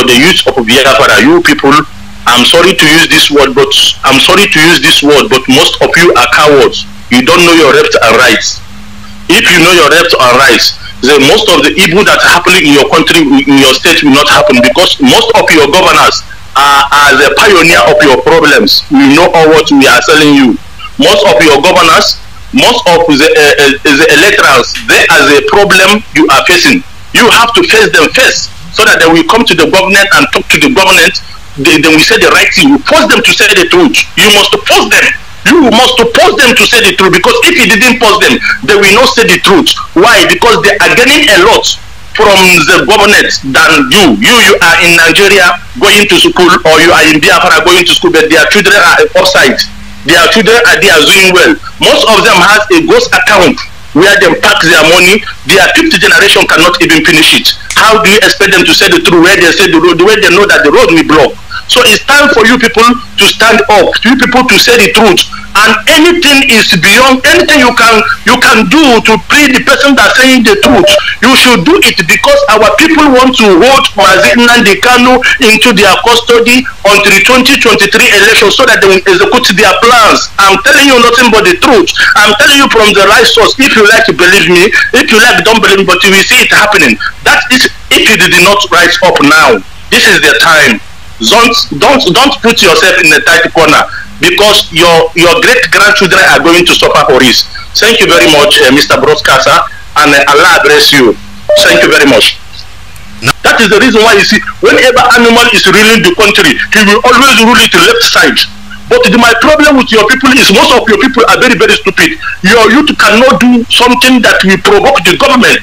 for the use of Biafra, you people, I'm sorry to use this word, but I'm sorry to use this word, but most of you are cowards. You don't know your left and rights. If you know your left and rights, then most of the evil that's happening in your country, in your state, will not happen because most of your governors are, are the pioneer of your problems. We know all what we are selling you. Most of your governors, most of the, uh, uh, the electorals, they are the problem you are facing. You have to face them first so that they will come to the government and talk to the government. They, then we say the right thing. We force them to say the truth. You must force them. You must force them to say the truth because if you didn't force them, they will not say the truth. Why? Because they are gaining a lot from the government than you. You you are in Nigeria going to school or you are in Biafra going to school, but their children are outside. Their children are are doing well. Most of them has a ghost account where they pack their money, their fifth generation cannot even finish it. How do you expect them to say the truth where they say the road, where they know that the road will block? So it's time for you people to stand up, you people to say the truth. And anything is beyond anything you can you can do to free the person that's saying the truth. You should do it because our people want to hold Mazinan kanu into their custody until the 2023 election so that they will execute their plans. I'm telling you nothing but the truth. I'm telling you from the right source. If you like, believe me. If you like, don't believe me. But you will see it happening. That is if you did not rise up now. This is the time don't don't don't put yourself in a tight corner because your your great grandchildren are going to suffer for this. Thank you very much, uh, Mr. Broadcaster, and uh, Allah bless you. Thank you very much. That is the reason why you see, whenever animal is ruling the country, he will always rule it left side. But the, my problem with your people is most of your people are very, very stupid. Your youth cannot do something that will provoke the government.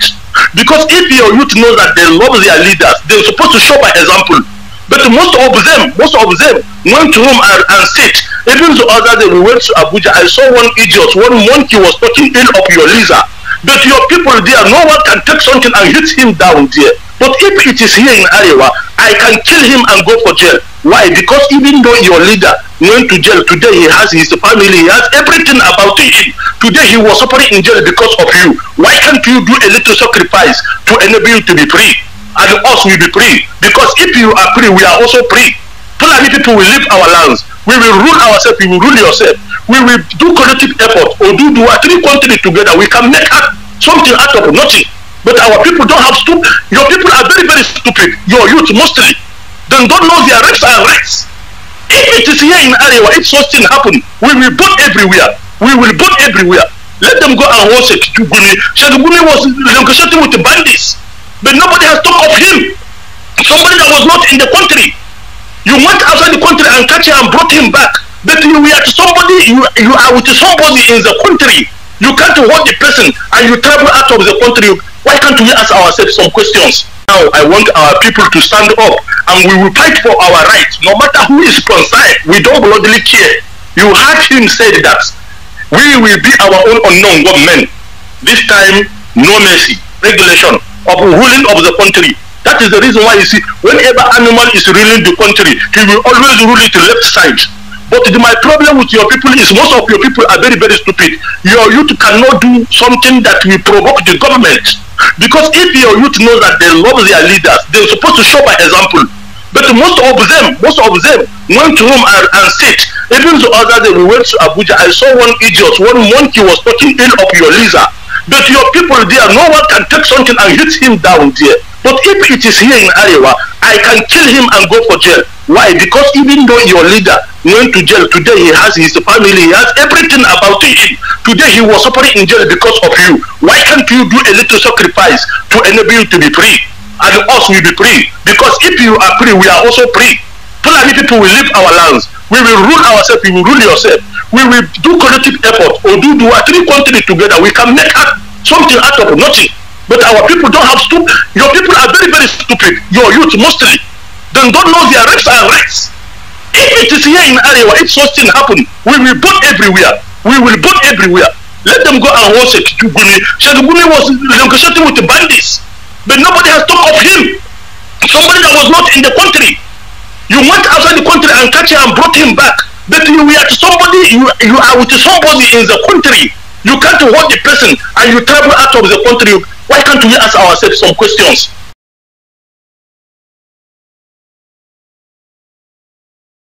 Because if your youth knows that they love their leaders, they're supposed to show by example. But most of them, most of them went home and, and sit. Even the other day we went to Abuja, I saw one idiot, one monkey was talking ill of your lizard. But your people there, no one can take something and hit him down there. But if it is here in Arewa, I can kill him and go for jail. Why? Because even though your leader went to jail today, he has his family, he has everything about him. Today he was suffering in jail because of you. Why can't you do a little sacrifice to enable you to be free? and us will be free. Because if you are free, we are also free. Fulani people will leave our lands. We will rule ourselves, you will rule yourself. We will do collective effort or do do three countries together. We can make something out of nothing. But our people don't have stupid. Your people are very, very stupid. Your youth mostly. then don't know their rights and rights. If it is here in Arewa, if such thing happen, we will burn everywhere. We will burn everywhere. Let them go and hold it. Shaguguni was negotiating with the bandits but nobody has talked of him. Somebody that was not in the country. You went outside the country and catch him and brought him back. But you were somebody, you, you are with somebody in the country. You can't hold the person and you travel out of the country. Why can't we ask ourselves some questions? Now, I want our people to stand up and we will fight for our rights, no matter who is concerned. We don't bloodily care. You heard him say that we will be our own unknown government. This time, no mercy, regulation, of ruling of the country. That is the reason why you see, whenever animal is ruling the country, he will always rule it left side. But the, my problem with your people is most of your people are very, very stupid. Your youth cannot do something that will provoke the government. Because if your youth know that they love their leaders, they're supposed to show by example. But most of them, most of them went home and, and sit. Even the other day we went to Abuja, I saw one idiot, one monkey was talking ill of your leader. But your people there, no one can take something and hit him down there. But if it is here in Iowa, I can kill him and go for jail. Why? Because even though your leader went to jail, today he has his family, he has everything about him. Today he was suffering in jail because of you. Why can't you do a little sacrifice to enable you to be free? And us will be free. Because if you are free, we are also free. Fulani people will leave our lands. We will rule ourselves, you will rule yourself we will do collective effort or do do three countries together. We can make out something out of nothing. But our people don't have stupid. Your people are very, very stupid. Your youth mostly. then don't know their rights and rights. If it is here in area if such thing happen, we will vote everywhere. We will vote everywhere. Let them go and watch Shekiguni. Shekiguni was negotiating with the bandits. But nobody has talked of him. Somebody that was not in the country. You went outside the country and catch him and brought him back that you are somebody, you, you are with somebody in the country. You can't hold the person and you travel out of the country. Why can't we ask ourselves some questions?